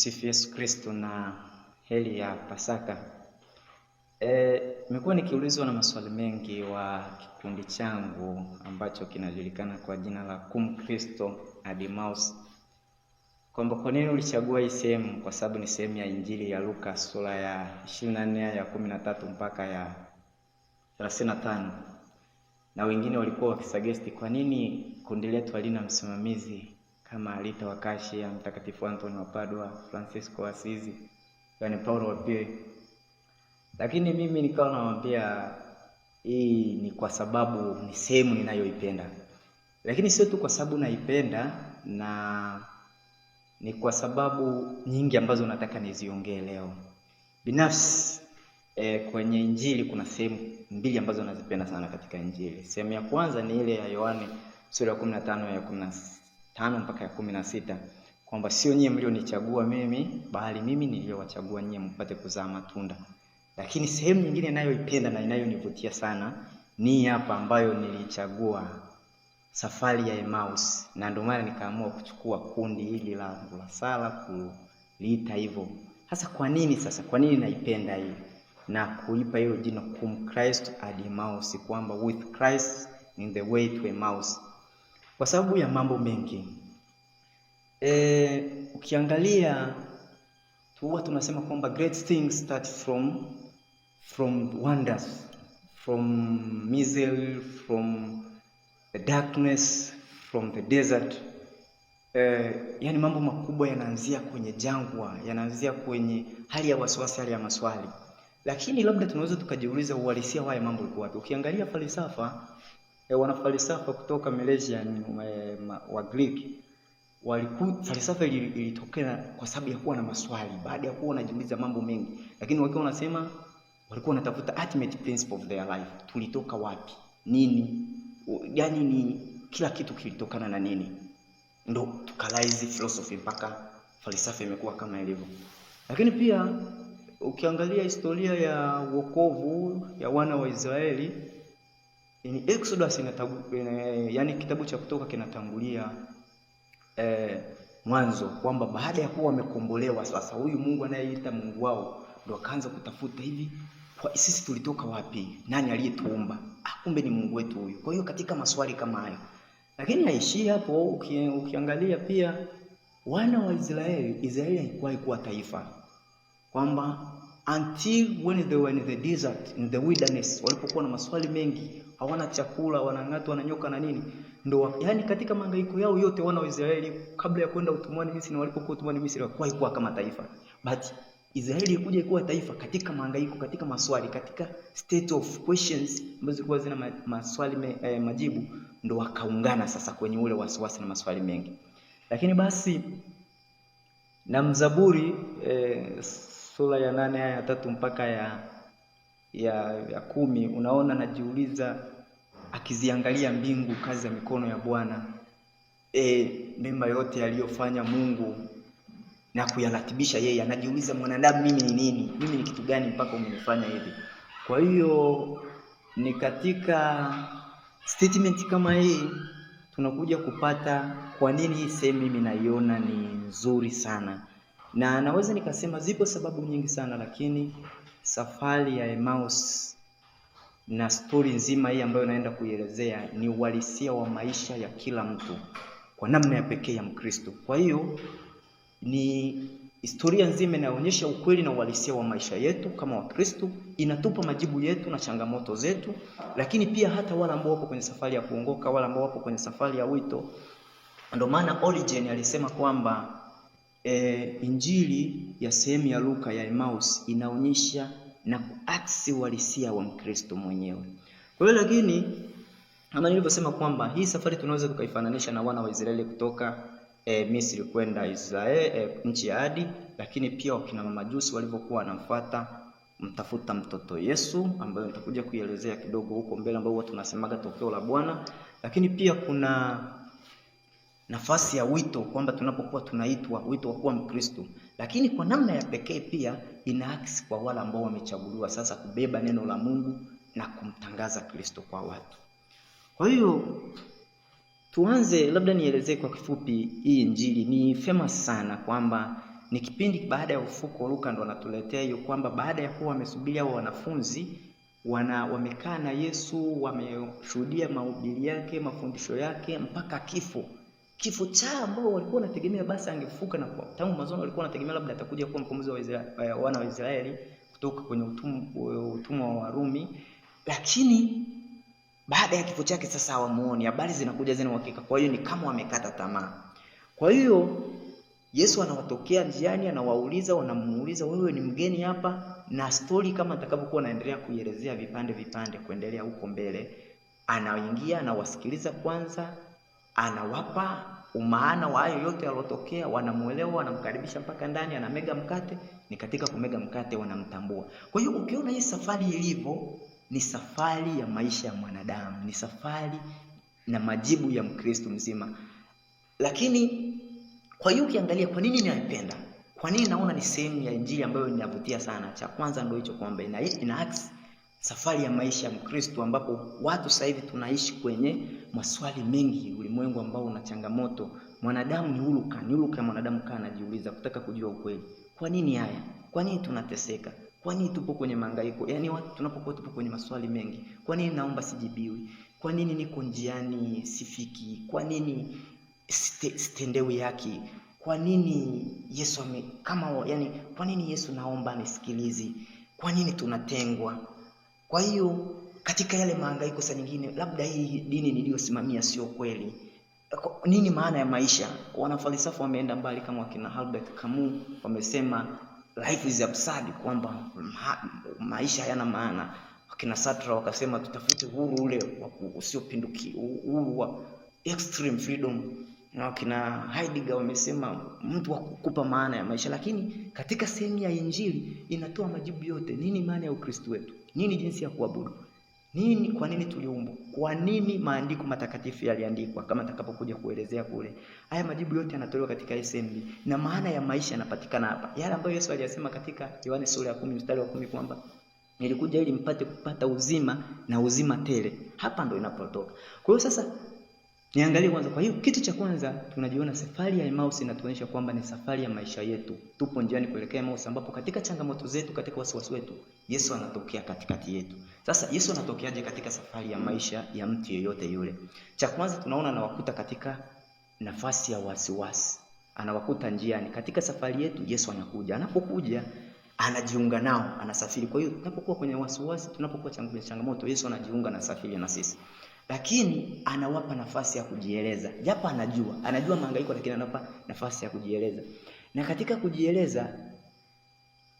Sifu Yesu Kristo na heri ya Pasaka. E, nimekuwa e, nikiulizwa na maswali mengi wa kikundi changu ambacho kinajulikana kwa jina la kum kristo Ademaus kwamba kwa nini ulichagua hii sehemu, kwa sababu ni sehemu ya Injili ya Luka sura ya 24 ya 13 mpaka ya 35, na wengine walikuwa wakisuggest kwa nini kundi letu halina msimamizi kama Alita wa Kashia, Mtakatifu Antoni wa Padua, Francisco wa Asizi, yaani Paulo wa pili. Lakini mimi nikawa namwambia hii ni kwa sababu ni sehemu ninayoipenda, lakini sio tu kwa sababu naipenda, na ni kwa sababu nyingi ambazo nataka niziongee leo. Binafsi e, kwenye Injili kuna sehemu mbili ambazo nazipenda sana katika Injili. Sehemu ya kwanza ni ile ya Yohane sura ya kumi na tano ya kumi na tano mpaka ya kumi na sita kwamba sio nyie mlionichagua mimi, bali mimi niliyowachagua nyie mpate kuzaa matunda. Lakini sehemu nyingine inayoipenda na inayonivutia sana ni hapa ambayo nilichagua safari ya Emmaus, na ndio maana nikaamua kuchukua kundi hili la la sala kuliita hivyo. Sasa kwa nini? Sasa kwa nini naipenda hii na kuipa hilo jina Cum christ ad Emmaus, kwamba with Christ in the way to Emmaus kwa sababu ya mambo mengi e, ukiangalia huwa tunasema kwamba great things start from from wonders from misery from the darkness from the desert e, yani mambo makubwa yanaanzia kwenye jangwa, yanaanzia kwenye hali ya wasiwasi, hali ya maswali. Lakini labda tunaweza tukajiuliza uhalisia wa haya mambo uko wapi? Ukiangalia falsafa e, wanafalsafa kutoka Malaysia e, eh, wa Greek walikuwa falsafa ilitokea kwa sababu ya kuwa na maswali, baada ya kuwa wanajiuliza mambo mengi, lakini wakiwa wanasema walikuwa wanatafuta ultimate principle of their life, tulitoka wapi, nini, yani ni kila kitu kilitokana na nini, ndo tukalaizi philosophy mpaka falsafa imekuwa kama ilivyo. Lakini pia ukiangalia historia ya wokovu ya wana wa Israeli yani Exodus inatabu, eh, yani kitabu cha Kutoka kinatangulia eh, mwanzo kwamba baada ya kuwa wamekombolewa sasa, huyu Mungu anayeita Mungu wao ndo akaanza kutafuta hivi, kwa sisi tulitoka wapi? Nani aliyetuumba? Ah, kumbe ni Mungu wetu huyu. Kwa hiyo katika maswali kama hayo, lakini haishii hapo. Uki, ukiangalia pia wana wa Israeli, Israeli haikuwahi kuwa taifa, kwamba until when they were in the desert in the wilderness, walipokuwa na maswali mengi hawana chakula, wanang'atwa na nyoka na nini. ndo yani katika mangaiko yao yote wana Waisraeli kabla ya kwenda utumwani Misri na walipokuwa utumwani Misri hawakuwahi ikuwa kama taifa. But Israeli ikuja ikuwa taifa katika mangaiko, katika maswali, katika state of questions ambazo zilikuwa zina maswali me, eh, majibu ndo wakaungana sasa kwenye ule wasiwasi na maswali mengi. Lakini basi na Mzaburi eh, sura ya nane aya ya tatu mpaka ya ya, ya kumi unaona najiuliza akiziangalia mbingu kazi ya mikono ya Bwana e, mema yote aliyofanya Mungu na kuyaratibisha yeye. Anajiuliza mwanadamu, mimi ni nini? Mimi ni kitu gani mpaka umenifanya hivi? Kwa hiyo ni katika statement kama hii tunakuja kupata kwa nini hii sehemu mimi naiona ni nzuri sana, na naweza nikasema zipo sababu nyingi sana, lakini safari ya Emmaus na stori nzima hii ambayo naenda kuielezea ni uhalisia wa maisha ya kila mtu kwa namna ya pekee ya Mkristo. Kwa hiyo ni historia nzima inayoonyesha ukweli na uhalisia wa maisha yetu kama Wakristo, inatupa majibu yetu na changamoto zetu, lakini pia hata wale ambao wapo kwenye safari ya kuongoka, wale ambao wapo kwenye safari ya wito. Ndio maana Origen alisema kwamba e, injili ya sehemu ya Luka ya Emmaus inaonyesha na kuaksi uhalisia wa Mkristo mwenyewe. Kwa hiyo lakini kama nilivyosema kwamba hii safari tunaweza tukaifananisha na wana wa Israeli kutoka e, Misri kwenda Israel e, nchi ya ahadi, lakini pia wakina mamajusi walivyokuwa wanamfuata mtafuta mtoto Yesu, ambayo nitakuja kuielezea kidogo huko mbele, ambao huwa tunasemaga tokeo la Bwana, lakini pia kuna nafasi ya wito, kwamba tunapokuwa tunaitwa wito wa kuwa Mkristo, lakini kwa namna ya pekee pia inaakisi kwa wale ambao wamechaguliwa sasa kubeba neno la Mungu na kumtangaza Kristo kwa watu. Kwa hiyo tuanze, labda nielezee kwa kifupi hii injili. Ni famous sana kwamba ni kipindi baada ya ufuko, Luka ndo anatuletea hiyo kwamba baada ya kuwa wamesubiri hao wanafunzi wana wamekaa na Yesu, wameshuhudia mahubiri yake, mafundisho yake mpaka kifo kifo chao ambao walikuwa wanategemea basi angefuka na kwa tangu mwanzo walikuwa wanategemea labda atakuja kuwa mkombozi wa Israeli, eh, wana wa Israeli kutoka kwenye utumwa wa Warumi, lakini baada ya kifo chake sasa hawamuoni, habari zinakuja zina uhakika. Kwa hiyo ni kama wamekata tamaa. Kwa hiyo Yesu anawatokea njiani, anawauliza, wanamuuliza wewe ni mgeni hapa, na stori kama atakavyokuwa anaendelea kuielezea vipande vipande kuendelea huko mbele, anaingia anawasikiliza kwanza anawapa umaana wa hayo yote yalotokea, wanamuelewa, wanamkaribisha mpaka ndani, anamega mkate. Ni katika kumega mkate wanamtambua. Kwa hiyo ukiona hii safari ilivyo, ni safari ya maisha ya mwanadamu, ni safari na majibu ya Mkristo mzima. Lakini kwa hiyo ukiangalia, kwa nini ninaipenda, kwa nini naona ni sehemu ya Injili ambayo inavutia sana, cha kwanza ndio hicho kwamba ina, ina safari ya maisha ya Mkristo, ambapo watu sasa hivi tunaishi kwenye maswali mengi, ulimwengu ambao una changamoto. Mwanadamu ni huluka, ni huluka ya mwanadamu, kaa anajiuliza kutaka kujua ukweli. Kwa nini haya? Kwa nini tunateseka? Kwa nini tupo kwenye mahangaiko? Yaani watu tunapokuwa tupo kwenye maswali mengi, kwa nini naomba sijibiwi? Kwa nini niko njiani sifiki? Kwa nini sitendewi haki? Kwa nini Yesu ame, kama, yani, kwa nini Yesu naomba nisikilizi? Kwa nini tunatengwa? Kwa hiyo katika yale mahangaiko saa nyingine, labda hii dini niliyosimamia sio kweli. Nini maana ya maisha? Wanafalsafa wameenda mbali, kama wakina Albert Camus wamesema life is absurd, kwamba ma maisha hayana maana. Wakina Sartre wakasema tutafute uhuru ule usiopinduki, pinduki, uhuru wa extreme freedom na wakina Heidegger wamesema mtu hakukupa maana ya maisha, lakini katika sehemu ya Injili inatoa majibu yote. Nini maana ya Ukristo wetu? Nini jinsi ya kuabudu? Nini, kwa nini tuliumbwa? Kwa nini maandiko matakatifu yaliandikwa? Kama atakapokuja kuelezea kule, haya majibu yote yanatolewa katika SMB, na maana ya maisha yanapatikana hapa, yale ambayo Yesu aliyasema katika Yohane sura ya kumi mstari wa kumi kwamba nilikuja ili mpate kupata uzima na uzima tele. Hapa ndo inapotoka. Kwa hiyo sasa Niangalie kwanza. Kwa hiyo kitu cha kwanza tunajiona safari ya Emmaus inatuonyesha kwamba ni safari ya maisha yetu. Tupo njiani kuelekea Emmaus ambapo katika changamoto zetu, katika wasiwasi wetu, Yesu anatokea katikati yetu. Sasa Yesu anatokeaje katika safari ya maisha ya mtu yeyote yule? Cha kwanza tunaona anawakuta katika nafasi ya wasiwasi. Anawakuta njiani. Katika safari yetu Yesu anakuja. Anapokuja anajiunga nao, anasafiri. Kwa hiyo tunapokuwa kwenye wasiwasi, tunapokuwa changamoto, Yesu anajiunga na safari na sisi lakini anawapa nafasi ya kujieleza, japo anajua anajua mahangaiko, lakini anawapa nafasi ya kujieleza. Na katika kujieleza,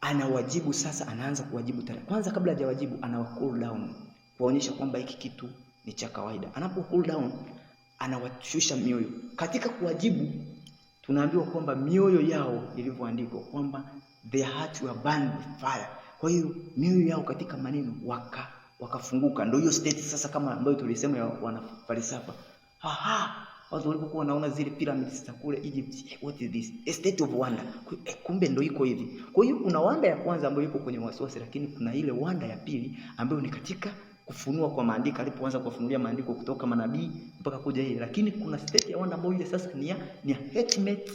anawajibu sasa, anaanza kuwajibu tare. Kwanza kabla hajawajibu, anawa cool down, kuonyesha kwamba hiki kitu ni cha kawaida. Anapo cool down, anawashusha mioyo. Katika kuwajibu, tunaambiwa kwamba mioyo yao ilivyoandikwa kwamba their heart were burned with fire. Kwa hiyo mioyo yao katika maneno waka wakafunguka. Ndio hiyo state sasa, kama ambayo tulisema ya wanafalsafa, aha, watu walipokuwa wanaona zile pyramids za kule Egypt, what is this a state of wonder. Eh, kumbe ndio iko hivi. Kwa hiyo kuna wanda ya kwanza ambayo iko kwenye wasiwasi, lakini kuna ile wanda ya pili ambayo ni katika kufunua kwa maandiko, alipoanza kuwafunulia maandiko kutoka manabii mpaka kuja yeye. Lakini kuna state ya wanda ambayo ile sasa ni ya ni ya ultimate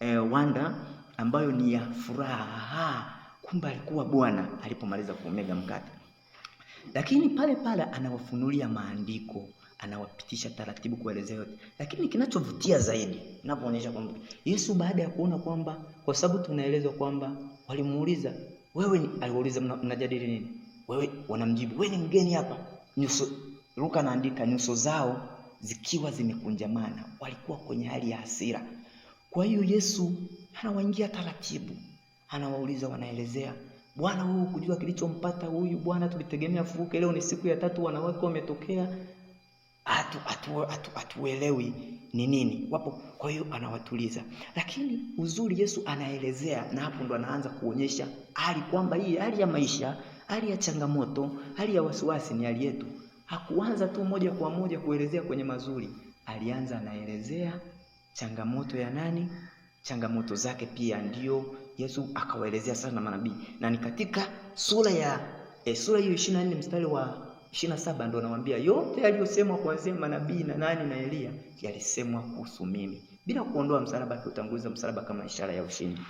eh, wanda ambayo ni ya furaha. Kumbe alikuwa Bwana alipomaliza kumega mkate lakini pale pale anawafunulia maandiko, anawapitisha taratibu kuelezea yote. Lakini kinachovutia zaidi ninapoonyesha kwamba Yesu baada ya kuona kwamba, kwa sababu tunaelezwa kwamba walimuuliza wewe, aliwauliza mnajadili nini? Wewe, wanamjibu wewe ni mgeni hapa. Nyuso, Luka anaandika nyuso zao zikiwa zimekunjamana, walikuwa kwenye hali ya hasira. Kwa hiyo Yesu anawaingia taratibu, anawauliza, wanaelezea bwana huyu kujua kilichompata huyu bwana, tulitegemea furuke, leo ni siku ya tatu, wanawake wametokea, atu, atu, atu, atuelewi ni nini wapo. Kwa hiyo anawatuliza, lakini uzuri Yesu anaelezea, na hapo ndo anaanza kuonyesha hali kwamba hii hali ya maisha, hali ya changamoto, hali ya wasiwasi ni hali yetu. Hakuanza tu moja kwa moja kuelezea kwenye mazuri, alianza anaelezea changamoto ya nani, changamoto zake pia ndio Yesu akawaelezea sana manabii, na ni katika sura ya e, sura hiyo 24 mstari wa 27 ndio anawaambia yote yaliyosemwa kuanzia manabii na nani na Elia yalisemwa kuhusu mimi, bila kuondoa msalaba, akiutanguliza msalaba kama ishara ya ushindi.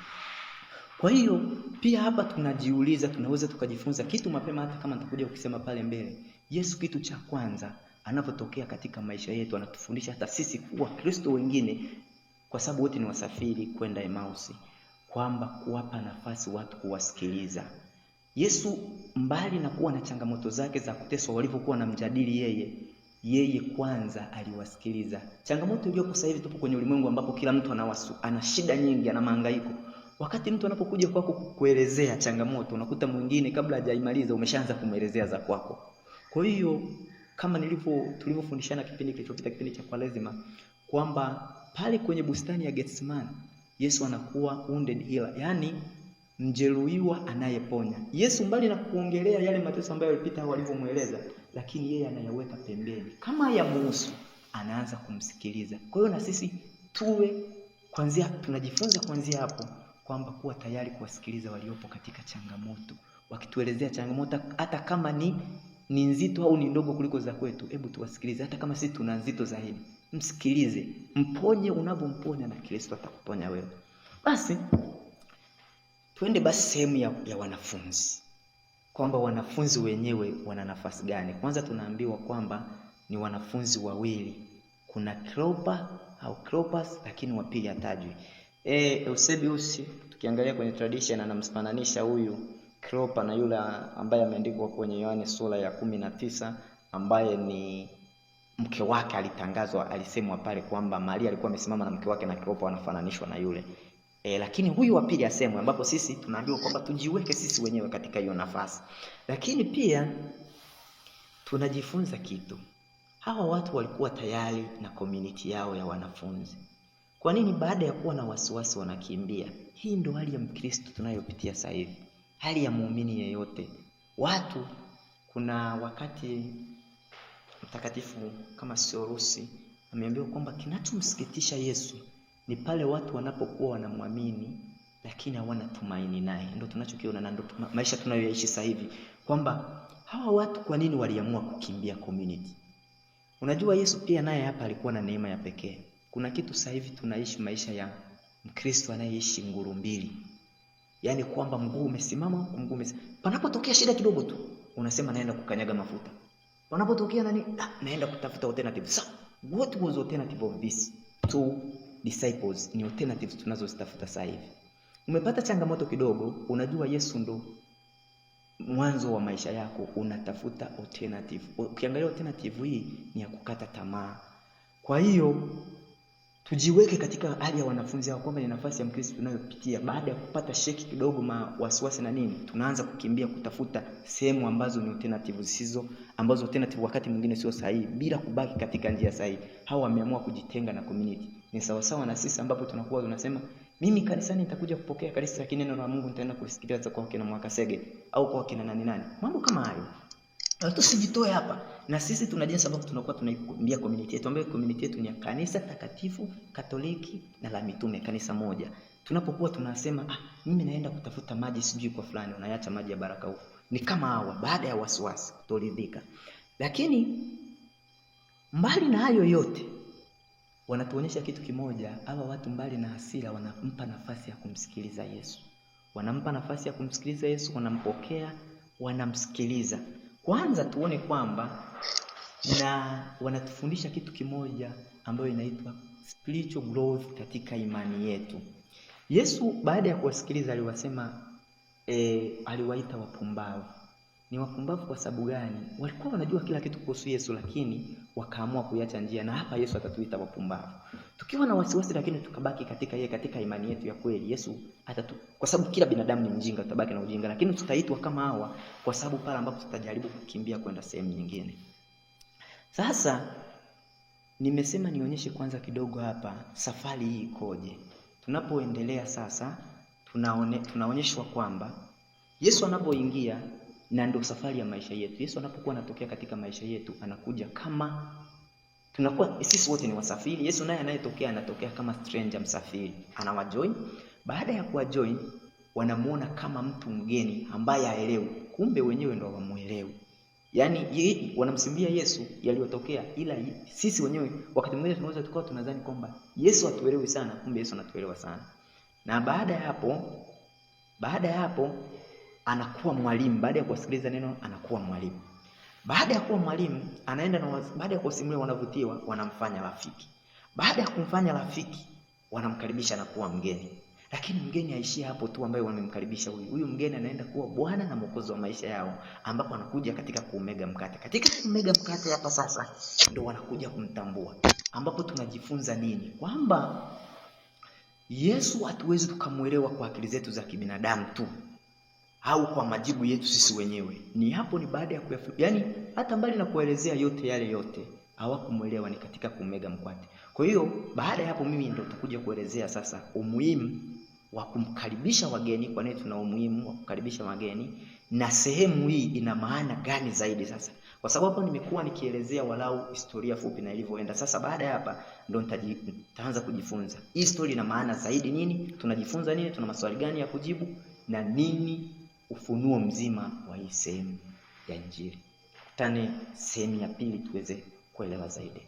Kwa hiyo pia hapa tunajiuliza, tunaweza tukajifunza kitu mapema, hata kama nitakuja kusema pale mbele. Yesu kitu cha kwanza anapotokea katika maisha yetu anatufundisha hata sisi kuwa Kristo wengine, kwa sababu wote ni wasafiri kwenda Emausi kwamba kuwapa nafasi watu kuwasikiliza. Yesu mbali na kuwa na changamoto zake za kuteswa walivyokuwa na mjadili yeye, yeye kwanza aliwasikiliza. Changamoto iliyopo sasa hivi, tupo kwenye ulimwengu ambapo kila mtu anawasu, ana shida nyingi, ana mahangaiko. Wakati mtu anapokuja kwako kukuelezea changamoto, unakuta mwingine kabla hajaimaliza umeshaanza kumwelezea za kwako. Kwa hiyo kama nilivyo tulivyofundishana kipindi kilichopita, kipindi cha kwa lazima, kwamba pale kwenye bustani ya Getsemani Yesu anakuwa wounded healer, yaani mjeruhiwa anayeponya. Yesu mbali na kuongelea yale mateso ambayo yalipita walivyomweleza, lakini yeye anayaweka pembeni kama muhusu, anaanza kumsikiliza. Kwa hiyo na sisi tuwe kwanzia, tunajifunza kwanzia hapo kwamba kuwa tayari kuwasikiliza waliopo katika changamoto, wakituelezea changamoto hata kama ni ni nzito au ni ndogo kuliko za kwetu, hebu tuwasikilize, hata kama sisi tuna nzito zaidi. Msikilize, mponye unavyomponya, na Kristo atakuponya wewe. Basi twende basi sehemu ya, ya wanafunzi, kwamba wanafunzi wenyewe wana nafasi gani. Kwanza tunaambiwa kwamba ni wanafunzi wawili, kuna Cleopa au Cleopas, lakini wa pili hatajwi. E, eh, Eusebius tukiangalia kwenye tradition anamfananisha huyu Kleopa na yule ambaye ameandikwa kwenye Yohane sura ya kumi na tisa ambaye ni mke wake alitangazwa, alisemwa pale kwamba Maria alikuwa amesimama na mke wake na Kleopa wanafananishwa na yule e, lakini huyu wa pili asemwe, ambapo sisi tunaambiwa kwamba tujiweke sisi wenyewe katika hiyo nafasi, lakini pia tunajifunza kitu. Hawa watu walikuwa tayari na community yao ya wanafunzi. Kwa nini baada ya kuwa na wasiwasi wanakimbia? Hii ndio hali ya Mkristo tunayopitia sasa hivi hali ya muumini yeyote. Watu kuna wakati mtakatifu kama Siorusi ameambiwa kwamba kinachomsikitisha Yesu ni pale watu wanapokuwa wanamwamini lakini hawana tumaini naye. Ndio tunachokiona na ndio maisha tunayoyaishi sasa hivi, kwamba hawa watu kwa nini waliamua kukimbia community? Unajua, Yesu pia naye hapa alikuwa na neema ya pekee. Kuna kitu sasa hivi tunaishi maisha ya Mkristo anayeishi nguru mbili yani kwamba mguu umesimama huku mguu umesimama. Panapotokea shida kidogo tu unasema naenda kukanyaga mafuta, panapotokea nani, ah, naenda kutafuta alternative. So what was alternative of this to disciples? Ni alternatives tunazozitafuta sasa hivi. Umepata changamoto kidogo, unajua Yesu ndo mwanzo wa maisha yako, unatafuta alternative. Ukiangalia alternative hii ni ya kukata tamaa, kwa hiyo tujiweke katika hali ya wanafunzi hao kwamba ni nafasi ya Mkristo tunayopitia. Baada ya kupata sheki kidogo, mawasiwasi na nini, tunaanza kukimbia kutafuta sehemu ambazo ni alternative zisizo ambazo alternative wakati mwingine sio sahihi, bila kubaki katika njia sahihi. Hao wameamua kujitenga na community. Ni sawasawa na sisi ambapo tunakuwa tunasema mimi kanisani nitakuja kupokea kanisa, lakini neno la Mungu nitaenda kulisikiliza kwa kina Mwakasege au kwa kina nani nani, mambo kama hayo tusijitoe hapa na sisi tuna jinsi ambavyo tunakuwa tunaikumbia community yetu, ambayo community yetu ni ya kanisa takatifu Katoliki na la mitume, kanisa moja. Tunapokuwa tunasema ah, mimi naenda kutafuta maji sijui kwa fulani, unaacha maji ya baraka huko, ni kama hawa, baada ya wasiwasi, kutoridhika. Lakini mbali na hayo yote, wanatuonyesha kitu kimoja. Hawa watu mbali na hasira, wanampa nafasi ya kumsikiliza Yesu, wanampa nafasi ya kumsikiliza Yesu, wanampokea, wanamsikiliza kwanza tuone kwamba na wanatufundisha kitu kimoja ambayo inaitwa spiritual growth katika imani yetu. Yesu baada ya kuwasikiliza aliwasema e, aliwaita wapumbavu. Ni wapumbavu kwa sababu gani? Walikuwa wanajua kila kitu kuhusu Yesu, lakini wakaamua kuiacha njia, na hapa Yesu atatuita wapumbavu. Tukiwa na wasiwasi lakini tukabaki katika yeye, katika imani yetu ya kweli, Yesu atatu, kwa sababu kila binadamu ni mjinga, tutabaki na ujinga, lakini tutaitwa kama hawa, kwa sababu pale ambapo tutajaribu kukimbia kwenda sehemu nyingine. Sasa nimesema nionyeshe kwanza kidogo hapa safari hii ikoje. Tunapoendelea sasa, tunaone, tunaonyeshwa kwamba Yesu anapoingia na ndio safari ya maisha yetu. Yesu anapokuwa anatokea katika maisha yetu, anakuja kama tunakuwa eh, sisi wote ni wasafiri. Yesu naye anayetokea anatokea kama stranger, msafiri, anawajoin. Baada ya kuwajoin, wanamuona kama mtu mgeni ambaye haelewi, kumbe wenyewe ndo wamuelewi. Yaani wanamsimbia Yesu yaliyotokea, ila sisi wenyewe wakati mwingine tunaweza tukawa tunadhani kwamba Yesu atuelewi sana, kumbe Yesu anatuelewa sana. Na baada ya hapo, baada ya hapo anakuwa mwalimu. Baada ya kuwasikiliza neno, anakuwa mwalimu. Baada ya kuwa mwalimu anaenda na baada ya kuwasimulia wanavutiwa, wanamfanya rafiki. Baada ya kumfanya rafiki, wanamkaribisha na kuwa mgeni. Lakini mgeni aishie hapo tu, ambaye wamemkaribisha huyu huyu mgeni anaenda kuwa bwana na mwokozi wa maisha yao, ambapo anakuja katika kuumega mkate. Katika kuumega mkate hapa sasa ndio wanakuja kumtambua, ambapo tunajifunza nini? Kwamba Yesu hatuwezi tukamwelewa kwa akili zetu za kibinadamu tu au kwa majibu yetu sisi wenyewe. Ni hapo ni baada ya kuyafu, yani hata mbali na kuelezea yote yale yote hawakumwelewa, ni katika kumega mkwate. Kwa hiyo baada ya hapo, mimi ndio utakuja kuelezea sasa umuhimu wa kumkaribisha wageni, kwa nini tuna umuhimu wa kukaribisha wageni na sehemu hii ina maana gani zaidi sasa, kwa sababu hapo nimekuwa nikielezea walau historia fupi na ilivyoenda. Sasa baada ya hapa ndio nitaanza kujifunza hii story ina maana zaidi nini, tunajifunza nini, tuna maswali gani ya kujibu na nini ufunuo mzima wa hii sehemu ya Injili. Kutane sehemu ya pili tuweze kuelewa zaidi.